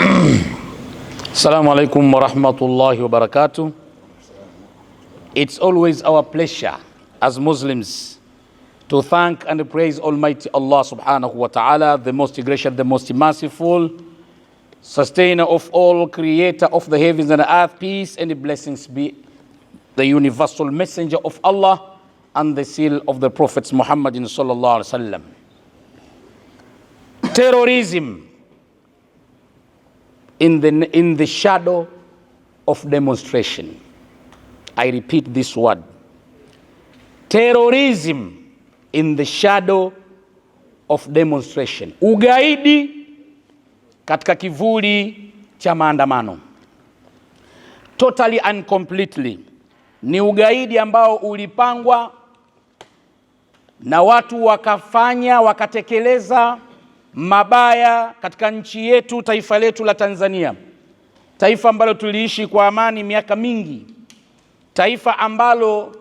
Assalamu alaikum wa rahmatullahi wa barakatuh. It's always our pleasure as Muslims to thank and praise Almighty Allah subhanahu wa ta'ala, the most gracious, the most merciful, sustainer of all, creator of the heavens and the earth. Peace and blessings be the universal messenger of Allah and the seal of the prophets Muhammadin sallallahu alaihi wasallam. Terrorism in the, in the shadow of demonstration. I repeat this word. Terrorism in the shadow of demonstration. Ugaidi katika kivuli cha maandamano. Totally and completely. Ni ugaidi ambao ulipangwa na watu wakafanya wakatekeleza mabaya katika nchi yetu, taifa letu la Tanzania, taifa ambalo tuliishi kwa amani miaka mingi, taifa ambalo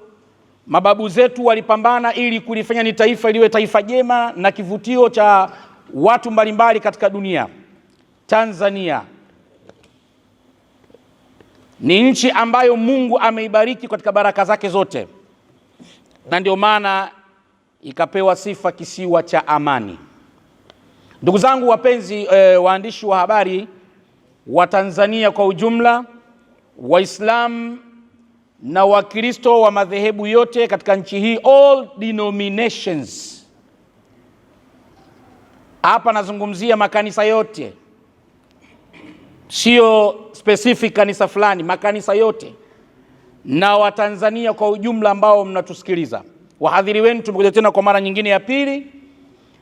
mababu zetu walipambana ili kulifanya ni taifa liwe taifa jema na kivutio cha watu mbalimbali katika dunia. Tanzania ni nchi ambayo Mungu ameibariki katika baraka zake zote, na ndio maana ikapewa sifa kisiwa cha amani. Ndugu zangu wapenzi e, waandishi wa habari wa Tanzania kwa ujumla, Waislamu na Wakristo wa madhehebu yote katika nchi hii, all denominations. Hapa nazungumzia makanisa yote, sio specific kanisa fulani, makanisa yote na Watanzania kwa ujumla ambao mnatusikiliza. Wahadhiri wenu tumekuja tena kwa mara nyingine ya pili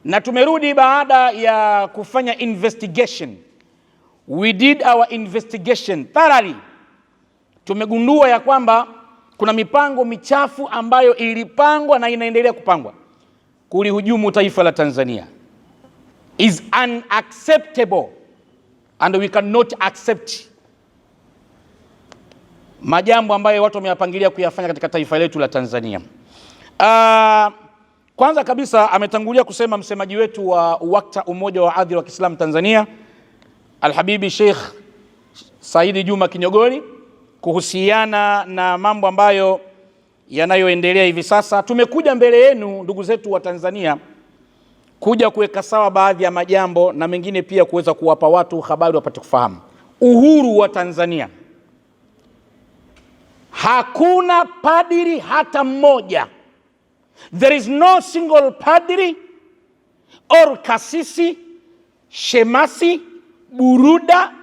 na tumerudi baada ya kufanya investigation. We did our investigation thoroughly. Tumegundua ya kwamba kuna mipango michafu ambayo ilipangwa na inaendelea kupangwa kulihujumu taifa la Tanzania is unacceptable and we cannot accept majambo ambayo watu wameyapangilia kuyafanya katika taifa letu la Tanzania. Uh, kwanza kabisa ametangulia kusema msemaji wetu wa wakta umoja wa adhi wa Kiislamu Tanzania Alhabibi Sheikh Saidi Juma Kinyogori kuhusiana na mambo ambayo yanayoendelea hivi sasa. Tumekuja mbele yenu ndugu zetu wa Tanzania kuja kuweka sawa baadhi ya majambo na mengine pia kuweza kuwapa watu habari wapate kufahamu uhuru wa Tanzania. Hakuna padiri hata mmoja There is no single padri or kasisi, shemasi, buruda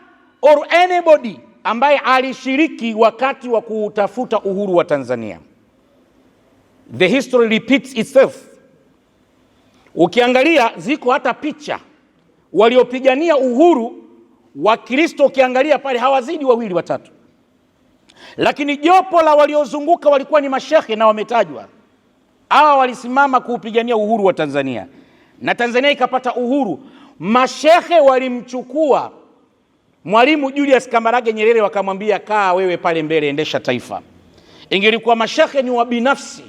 or anybody ambaye alishiriki wakati wa kuutafuta uhuru wa Tanzania. The history repeats itself. Ukiangalia ziko hata picha waliopigania uhuru wa Kristo, ukiangalia pale hawazidi wawili watatu, lakini jopo la waliozunguka walikuwa ni mashehe na wametajwa hawa walisimama kuupigania uhuru wa Tanzania na Tanzania ikapata uhuru. Mashehe walimchukua Mwalimu Julius Kamarage Nyerere wakamwambia, kaa wewe pale mbele, endesha taifa. Ingelikuwa mashehe ni wa binafsi,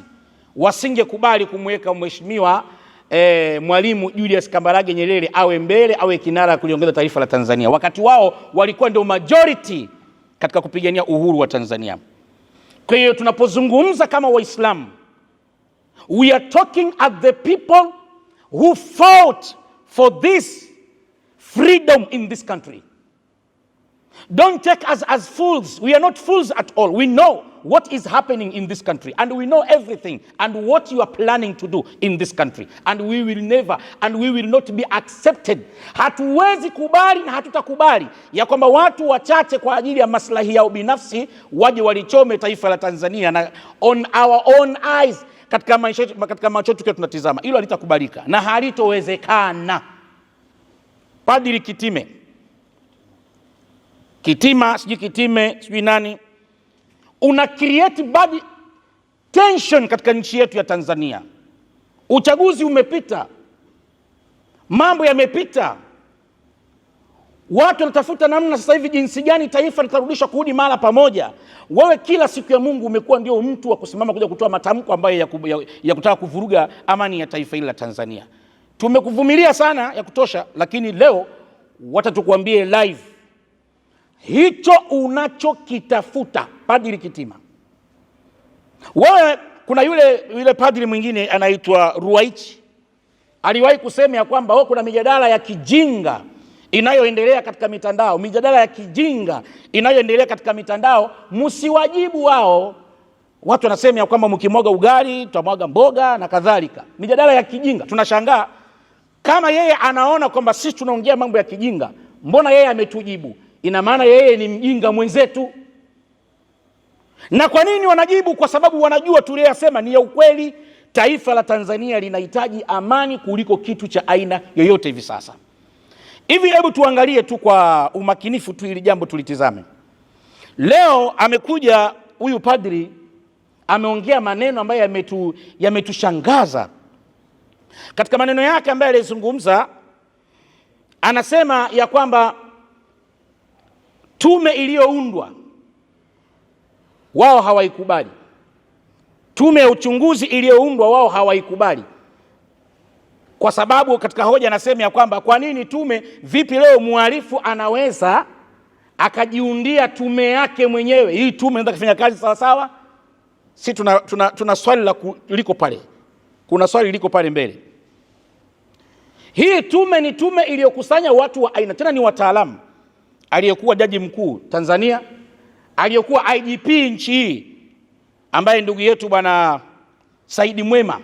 wasingekubali kumweka mheshimiwa E, Mwalimu Julius Kambarage Nyerere awe mbele awe kinara kuliongoza taifa la Tanzania. Wakati wao walikuwa ndio majority katika kupigania uhuru wa Tanzania. Kwa hiyo tunapozungumza kama Waislamu We are talking at the people who fought for this freedom in this country. Don't take us as fools. We are not fools at all. We know what is happening in this country and we know everything and what you are planning to do in this country and we will never and we will not be accepted. Hatuwezi kubali na hatutakubali ya kwamba watu wachache kwa ajili ya maslahi yao binafsi waje walichome taifa la Tanzania na on our own eyes katika maisha, katika macho yetu tunatizama, hilo halitakubalika na halitowezekana. Padri Kitime Kitima sijui Kitime sijui nani, una create bad tension katika nchi yetu ya Tanzania. Uchaguzi umepita, mambo yamepita. Watu wanatafuta namna sasa hivi jinsi gani taifa litarudishwa kurudi mara pamoja. Wewe kila siku ya Mungu umekuwa ndio mtu wa kusimama kuja kutoa matamko ambayo ya, ya, ya kutaka kuvuruga amani ya taifa hili la Tanzania. Tumekuvumilia sana ya kutosha, lakini leo watatukuambie live hicho unachokitafuta Padri Kitima. Wewe kuna yule, yule padri mwingine anaitwa Ruwaichi aliwahi kusema ya kwamba o oh, kuna mijadala ya kijinga inayoendelea katika mitandao, mijadala ya kijinga inayoendelea katika mitandao, msiwajibu wao. Watu wanasema ya kwamba mkimwaga ugali tutamwaga mboga na kadhalika, mijadala ya kijinga. Tunashangaa kama yeye anaona kwamba sisi tunaongea mambo ya kijinga, mbona yeye ametujibu? Ina maana yeye ni mjinga mwenzetu. Na kwa nini wanajibu? Kwa sababu wanajua tuliyosema ni ya ukweli. Taifa la Tanzania linahitaji amani kuliko kitu cha aina yoyote hivi sasa. Hivi hebu tuangalie tu kwa umakinifu tu ili jambo tulitizame. Leo amekuja huyu padri ameongea maneno ambayo yametu, yametushangaza. Katika maneno yake ambayo alizungumza, anasema ya kwamba tume iliyoundwa wao hawaikubali, tume ya uchunguzi iliyoundwa wao hawaikubali kwa sababu katika hoja anasema ya kwamba kwa nini tume, vipi leo mhalifu anaweza akajiundia tume yake mwenyewe? Hii tume inaweza kufanya kazi sawasawa? Si tuna, tuna, tuna swali la liko pale, kuna swali liko pale mbele. Hii tume ni tume iliyokusanya watu wa aina tena, ni wataalamu, aliyekuwa jaji mkuu Tanzania, aliyekuwa IGP nchi hii ambaye ndugu yetu bwana Saidi Mwema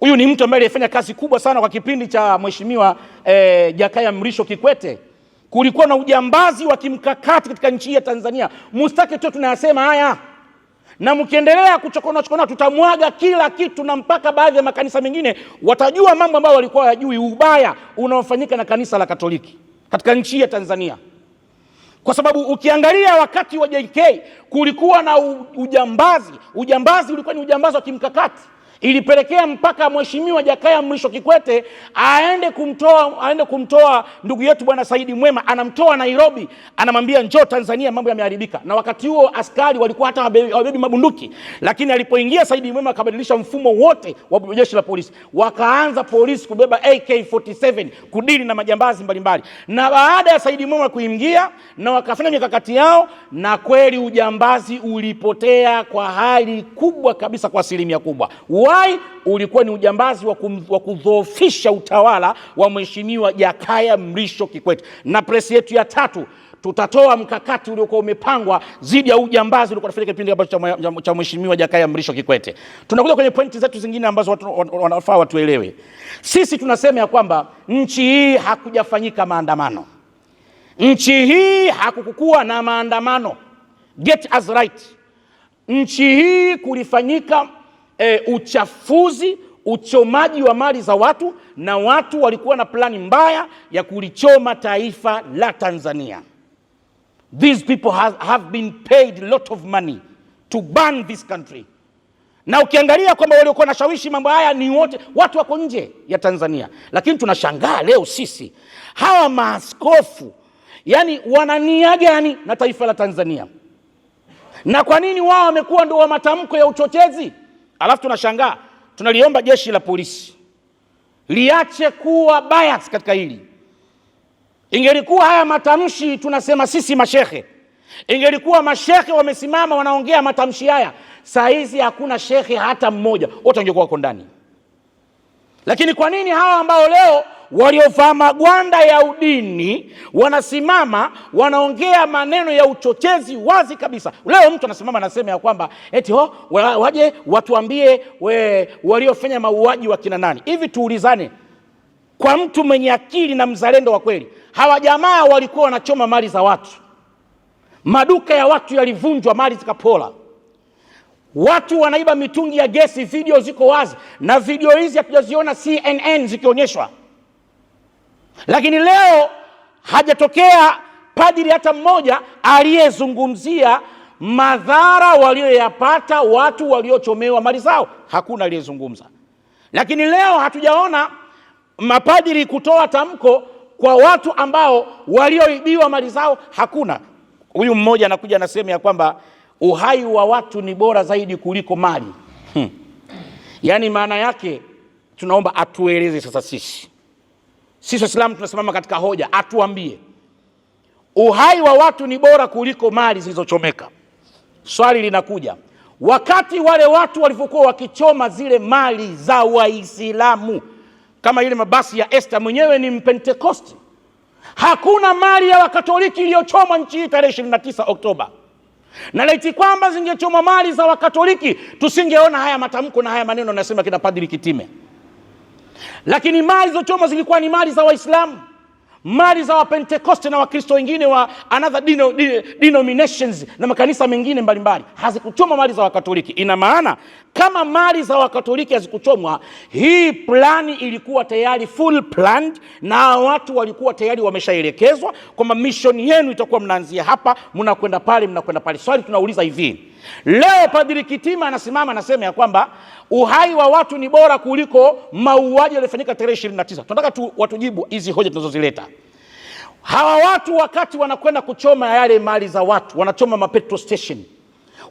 Huyu ni mtu ambaye alifanya kazi kubwa sana kwa kipindi cha mheshimiwa eh, Jakaya Mrisho Kikwete. Kulikuwa na ujambazi wa kimkakati katika nchi ya Tanzania, mustake tu tunayasema haya, na mkiendelea kuchokona chokona tutamwaga kila kitu, na mpaka baadhi ya makanisa mengine watajua mambo ambayo walikuwa hawajui, ubaya unaofanyika na kanisa la Katoliki katika nchi ya Tanzania kwa sababu ukiangalia wakati wa JK kulikuwa na ujambazi. Ujambazi ulikuwa ni ujambazi wa kimkakati ilipelekea mpaka Mheshimiwa Jakaya Mrisho Kikwete aende kumtoa, aende kumtoa ndugu yetu Bwana Saidi Mwema, anamtoa Nairobi, anamwambia njoo Tanzania, mambo yameharibika. Na wakati huo askari walikuwa hata wabebi mabunduki, lakini alipoingia Saidi Mwema akabadilisha mfumo wote wa jeshi la polisi, wakaanza polisi kubeba AK47 kudili na majambazi mbalimbali. Na baada ya Saidi Mwema kuingia, na wakafanya mikakati yao, na kweli ujambazi ulipotea kwa hali kubwa kabisa, kwa asilimia kubwa. Why? Ulikuwa ni ujambazi wa kudhoofisha utawala wa Mheshimiwa Jakaya Mrisho Kikwete. Na presi yetu ya tatu tutatoa mkakati uliokuwa umepangwa dhidi ya ujambazi uliokuwa unafanyika kipindi ambacho cha Mheshimiwa Jakaya Mrisho Kikwete. Tunakuja kwenye pointi zetu zingine ambazo wanafaa watuelewe. Sisi tunasema ya kwamba nchi hii hakujafanyika maandamano, nchi hii hakukukua na maandamano. Get us right. Nchi hii kulifanyika e, uchafuzi, uchomaji wa mali za watu, na watu walikuwa na plani mbaya ya kulichoma taifa la Tanzania. These people have, have been paid lot of money to burn this country na ukiangalia kwamba waliokuwa nashawishi mambo haya ni wote watu wako nje ya Tanzania, lakini tunashangaa leo sisi hawa maaskofu yani wana nia gani na taifa la Tanzania? Na kwa nini wao wamekuwa ndio wa matamko ya uchochezi? alafu tunashangaa tunaliomba jeshi la polisi liache kuwa bias katika hili. Ingelikuwa haya matamshi tunasema sisi mashehe, ingelikuwa mashehe wamesimama wanaongea matamshi haya, saa hizi hakuna shehe hata mmoja, wote wangekuwa wako ndani. Lakini kwa nini hawa ambao leo waliovaa magwanda ya udini wanasimama wanaongea maneno ya uchochezi wazi kabisa. Leo mtu anasimama anasema ya kwamba eti ho waje watuambie waliofanya mauaji wa kina nani. Hivi tuulizane, kwa mtu mwenye akili na mzalendo wa kweli, hawa jamaa walikuwa wanachoma mali za watu, maduka ya watu yalivunjwa, mali zikapola watu wanaiba mitungi ya gesi. Video ziko wazi, na video hizi hatujaziona CNN zikionyeshwa. Lakini leo hajatokea padri hata mmoja aliyezungumzia madhara walioyapata watu waliochomewa mali zao, hakuna aliyezungumza. Lakini leo hatujaona mapadri kutoa tamko kwa watu ambao walioibiwa mali zao, hakuna. Huyu mmoja anakuja anasema ya kwamba uhai wa watu ni bora zaidi kuliko mali hmm. Yaani maana yake tunaomba atueleze sasa sisi sisi Waislamu tunasimama katika hoja, atuambie uhai wa watu ni bora kuliko mali zilizochomeka. Swali linakuja, wakati wale watu walivyokuwa wakichoma zile mali za Waislamu, kama ile mabasi ya Esther, mwenyewe ni Mpentekosti. Hakuna mali ya Wakatoliki iliyochomwa nchi hii tarehe 29 Oktoba, na laiti kwamba zingechomwa mali za Wakatoliki tusingeona haya matamko na haya maneno nasema kina Padri Kitime lakini mali zilizochomwa zilikuwa ni mali za Waislamu, mali za Wapentekoste na Wakristo wengine wa another dino, denominations na makanisa mengine mbalimbali. Hazikuchomwa mali za Wakatoliki. Ina maana kama mali za Wakatoliki hazikuchomwa, hii plani ilikuwa tayari full planned, na watu walikuwa tayari wameshaelekezwa kwamba mishoni yenu itakuwa mnaanzia hapa, mnakwenda pale, mnakwenda pale. Swali tunauliza hivi Leo Padri Kitima anasimama anasema ya kwamba uhai wa watu ni bora kuliko mauaji yaliyofanyika tarehe 29. Tunataka tu watujibu hizi hoja tunazozileta. Hawa watu wakati wanakwenda kuchoma yale mali za watu, wanachoma mapetrol station,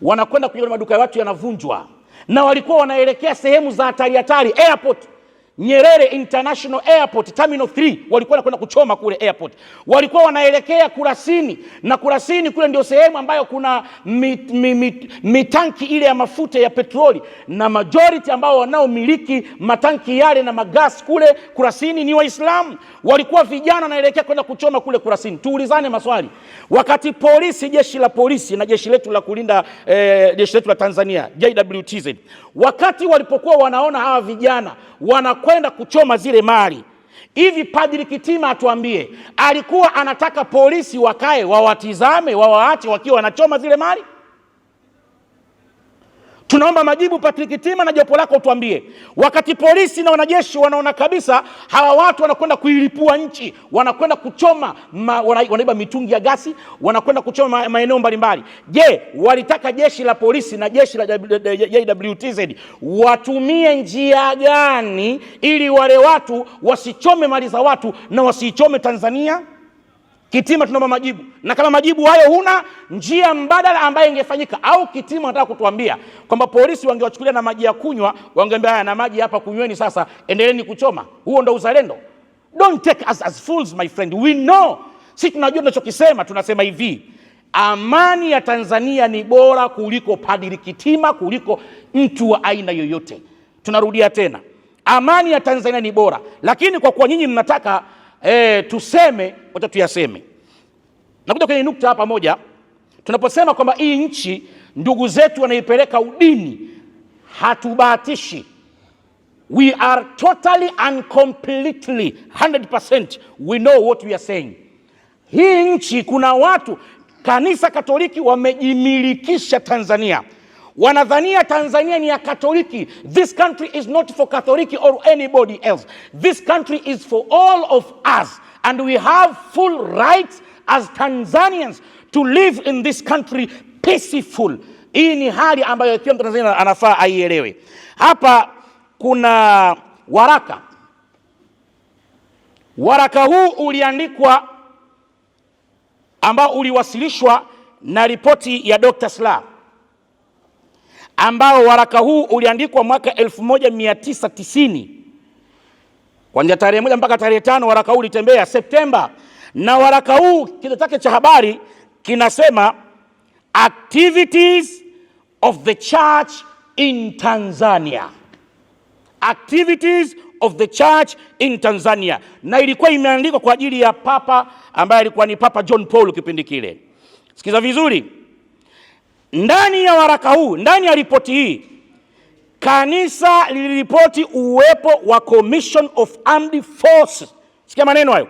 wanakwenda kwenye maduka ya watu yanavunjwa, na walikuwa wanaelekea sehemu za hatari hatari, airport Nyerere International Airport Terminal 3 walikuwa wanakwenda kuchoma kule airport, walikuwa wanaelekea Kurasini, na Kurasini kule ndio sehemu ambayo kuna mit, mit, mit, mitanki ile ya mafuta ya petroli, na majority ambao wanaomiliki matanki yale na magas kule Kurasini ni Waislamu. Walikuwa vijana wanaelekea kwenda kuchoma kule Kurasini. Tuulizane maswali, wakati polisi, jeshi la polisi na jeshi letu la kulinda eh, jeshi letu la Tanzania JWTZ, wakati walipokuwa wanaona hawa vijana wana wanakwenda kuchoma zile mali. Hivi Padri Kitima atuambie, alikuwa anataka polisi wakae wawatizame, wawaache wakiwa wanachoma zile mali? Tunaomba majibu Patrick Tima na jopo lako, utuambie wakati polisi na wanajeshi wanaona kabisa hawa watu wanakwenda kuilipua nchi, wanakwenda kuchoma ma, wanaiba mitungi ya gasi, wanakwenda kuchoma maeneo mbalimbali. Je, walitaka jeshi la polisi na jeshi la JWTZ watumie njia gani ili wale watu wasichome mali za watu na wasiichome Tanzania? Kitima tunaomba majibu, na kama majibu hayo huna njia mbadala ambayo ingefanyika, au Kitima anataka kutuambia kwamba polisi wangewachukulia na maji ya kunywa, wangeambia haya, na maji hapa, kunyweni sasa, endeleeni kuchoma. Huo ndo uzalendo? Don't take us as fools my friend, we know, si tunajua tunachokisema. Tunasema hivi, amani ya Tanzania ni bora kuliko Padri Kitima, kuliko mtu wa aina yoyote. Tunarudia tena, amani ya Tanzania ni bora, lakini kwa kuwa nyinyi mnataka e, tuseme, wacha tuyaseme. Nakuja kwenye nukta hapa moja, tunaposema kwamba hii nchi ndugu zetu wanaipeleka udini, hatubahatishi. We are totally and completely 100% we know what we are saying. Hii nchi kuna watu kanisa Katoliki wamejimilikisha Tanzania. Wanadhania Tanzania ni ya Katoliki. This country is not for Catholic or anybody else. This country is for all of us and we have full rights as Tanzanians to live in this country peaceful. Hii ni hali ambayo kila Mtanzania anafaa aielewe. Hapa kuna waraka. Waraka huu uliandikwa ambao uliwasilishwa na ripoti ya Dr. Slaa ambao waraka huu uliandikwa mwaka 1990 kuanzia tarehe moja mpaka tarehe tano waraka huu ulitembea Septemba, na waraka huu kichwa chake cha habari kinasema activities of the church in Tanzania, activities of the church in Tanzania, na ilikuwa imeandikwa kwa ajili ya papa ambaye alikuwa ni Papa John Paul kipindi kile. Sikiza vizuri. Ndani ya waraka huu, ndani ya ripoti hii, kanisa liliripoti uwepo wa Commission of Armed Forces. Sikia maneno hayo,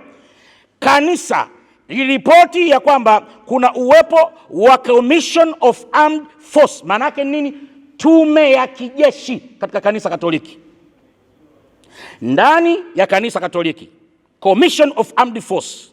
kanisa liliripoti ya kwamba kuna uwepo wa Commission of Armed Forces. Maana yake nini? Tume ya kijeshi katika kanisa Katoliki, ndani ya kanisa Katoliki, Commission of Armed Forces.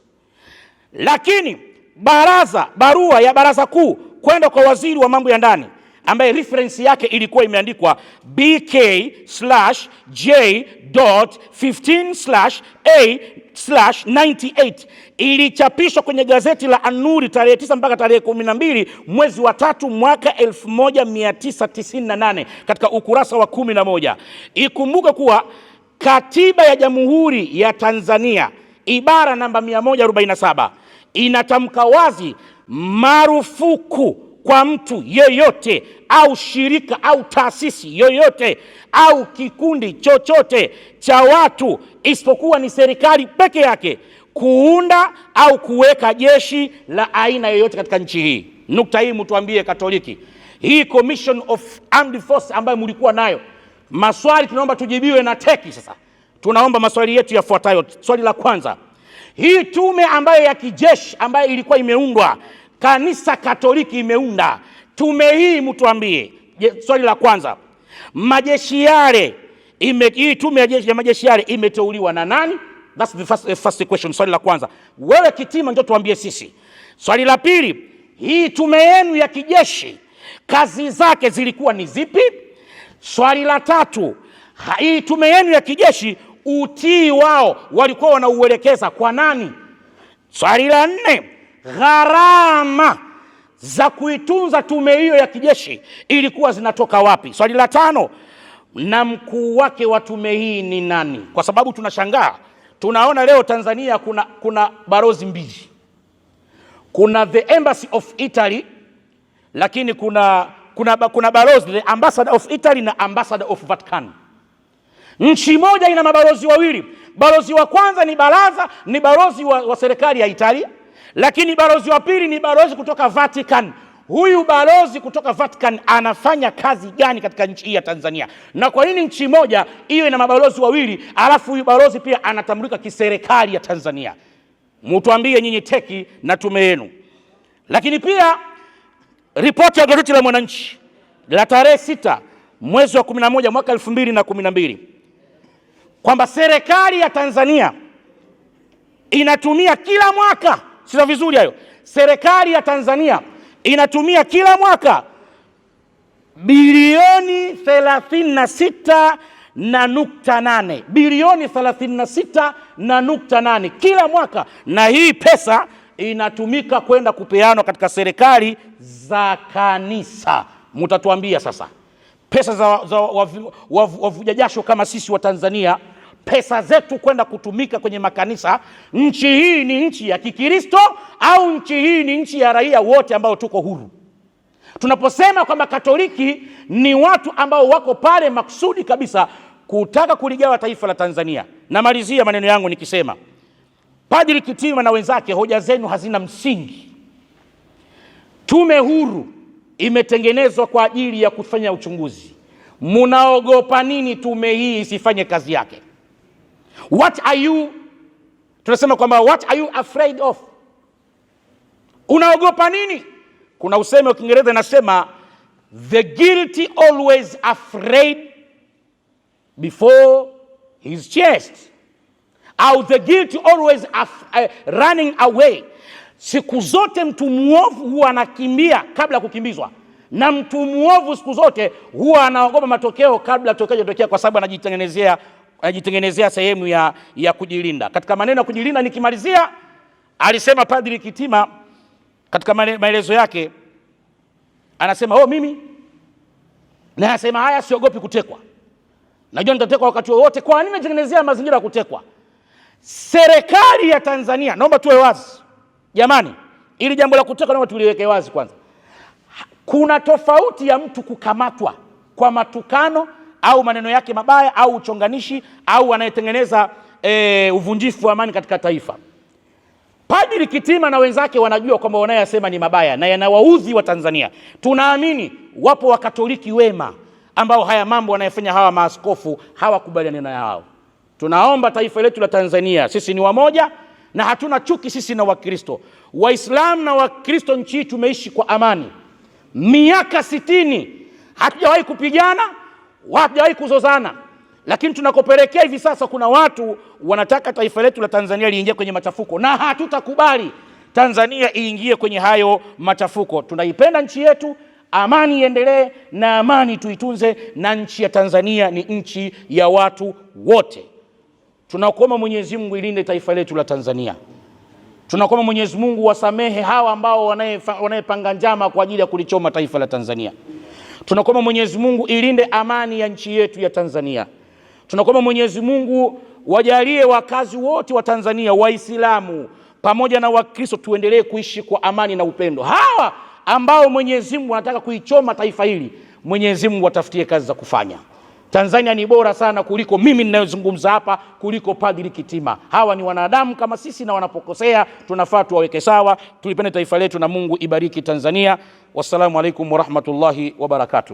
Lakini baraza barua ya baraza kuu kwenda kwa waziri wa mambo ya ndani ambaye reference yake ilikuwa imeandikwa BK/J.15/A/98 ilichapishwa kwenye gazeti la Anuri tarehe 9 mpaka tarehe 12 mwezi wa tatu mwaka 1998 katika ukurasa wa 11. Ikumbuke kuwa Katiba ya Jamhuri ya Tanzania ibara namba 147 inatamka wazi marufuku kwa mtu yeyote au shirika au taasisi yoyote au kikundi chochote cha watu isipokuwa ni serikali peke yake kuunda au kuweka jeshi la aina yoyote katika nchi hii. Nukta hii mtuambie Katoliki, hii commission of armed force ambayo mlikuwa nayo, maswali tunaomba tujibiwe na teki. Sasa tunaomba maswali yetu yafuatayo. Swali la kwanza, hii tume ambayo ya kijeshi ambayo ilikuwa imeundwa Kanisa Katoliki imeunda tume hii, mtuambie. Swali la kwanza, majeshi yale ime, hii tume ya majeshi yale imeteuliwa na nani? That's the first, eh, first question. Swali la kwanza, wewe Kitima, ndio tuambie sisi. Swali la pili, hii tume yenu ya kijeshi kazi zake zilikuwa ni zipi? Swali la tatu, hii tume yenu ya kijeshi utii wao walikuwa wanauelekeza kwa nani? Swali la nne gharama za kuitunza tume hiyo ya kijeshi ilikuwa zinatoka wapi? Swali la tano, na mkuu wake wa tume hii ni nani? Kwa sababu tunashangaa tunaona leo Tanzania kuna, kuna barozi mbili, kuna the embassy of Italy lakini kuna, kuna, kuna balozi the ambassador of Italy na ambassador of Vatican. Nchi moja ina mabalozi wawili, balozi wa kwanza ni baraza ni balozi wa, wa serikali ya Italia lakini balozi wa pili ni balozi kutoka Vatican. Huyu balozi kutoka Vatican anafanya kazi gani katika nchi hii ya Tanzania? Na kwa nini nchi moja iwe na mabalozi wawili, alafu huyu balozi pia anatambulika kiserikali ya Tanzania? Mutuambie nyinyi teki na tume yenu. Lakini pia ripoti ya gazeti la Mwananchi la tarehe sita mwezi wa 11 mwaka na na kumi mbili kwamba serikali ya Tanzania inatumia kila mwaka sio vizuri hayo. Serikali ya Tanzania inatumia kila mwaka bilioni 36 na nukta nane bilioni 36 na nukta nane kila mwaka, na hii pesa inatumika kwenda kupeanwa katika serikali za kanisa. Mutatuambia sasa pesa za, za wavuja jasho kama sisi wa Tanzania pesa zetu kwenda kutumika kwenye makanisa. Nchi hii ni nchi ya Kikristo au nchi hii ni nchi ya raia wote ambao tuko huru? Tunaposema kwamba Katoliki ni watu ambao wako pale makusudi kabisa kutaka kuligawa taifa la Tanzania. Namalizia maneno yangu nikisema, Padri Kitima na wenzake, hoja zenu hazina msingi. Tume huru imetengenezwa kwa ajili ya kufanya uchunguzi. Munaogopa nini tume hii isifanye kazi yake? What are you, tunasema kwamba what are you afraid of, unaogopa nini? Kuna usemi wa Kiingereza inasema the guilty always afraid before his chest, au the guilty always af, uh, running away. Siku zote mtu mwovu huwa anakimbia kabla ya kukimbizwa na mtu mwovu siku zote huwa anaogopa matokeo kabla tokeo kwa sababu anajitengenezea anajitengenezea sehemu ya, ya kujilinda. Katika maneno ya kujilinda nikimalizia, alisema Padri Kitima katika maelezo yake anasema oh, mimi na haya, siogopi kutekwa, najua nitatekwa wakati wowote. Kwa nini najitengenezea mazingira ya kutekwa? Serikali ya Tanzania, naomba tuwe wazi jamani, ili jambo la kutekwa naomba tuliweke wazi kwanza. Kuna tofauti ya mtu kukamatwa kwa matukano au maneno yake mabaya au uchonganishi au anayetengeneza e, uvunjifu wa amani katika taifa. Padri Kitima na wenzake wanajua kwamba wanayosema ni mabaya na yanawaudhi wa Tanzania. Tunaamini wapo wakatoliki wema ambao haya mambo wanayofanya hawa maaskofu hawakubaliani na yao. Tunaomba taifa letu la Tanzania, sisi ni wamoja na hatuna chuki. Sisi na Wakristo, Waislamu na Wakristo, nchi hii tumeishi kwa amani miaka sitini, hatujawahi kupigana hajawahi kuzozana, lakini tunakopelekea hivi sasa, kuna watu wanataka taifa letu la Tanzania liingie kwenye machafuko, na hatutakubali Tanzania iingie kwenye hayo machafuko. Tunaipenda nchi yetu, amani iendelee, na amani tuitunze, na nchi ya Tanzania ni nchi ya watu wote. Tunakuomba Mwenyezi Mungu ilinde taifa letu la Tanzania. Tunakuomba Mwenyezi Mungu wasamehe hawa ambao wanayepanga njama kwa ajili ya kulichoma taifa la Tanzania. Tunakuomba Mwenyezi Mungu ilinde amani ya nchi yetu ya Tanzania. Tunakuomba Mwenyezi Mungu wajalie wakazi wote wa Tanzania Waislamu pamoja na Wakristo tuendelee kuishi kwa amani na upendo. Hawa ambao Mwenyezi Mungu anataka kuichoma taifa hili, Mwenyezi Mungu watafutie kazi za kufanya. Tanzania ni bora sana kuliko mimi ninayozungumza hapa, kuliko Padri Kitima. Hawa ni wanadamu kama sisi, na wanapokosea tunafaa tuwaweke sawa. Tulipende taifa letu, na Mungu ibariki Tanzania. Wassalamu alaikum warahmatullahi wabarakatuh.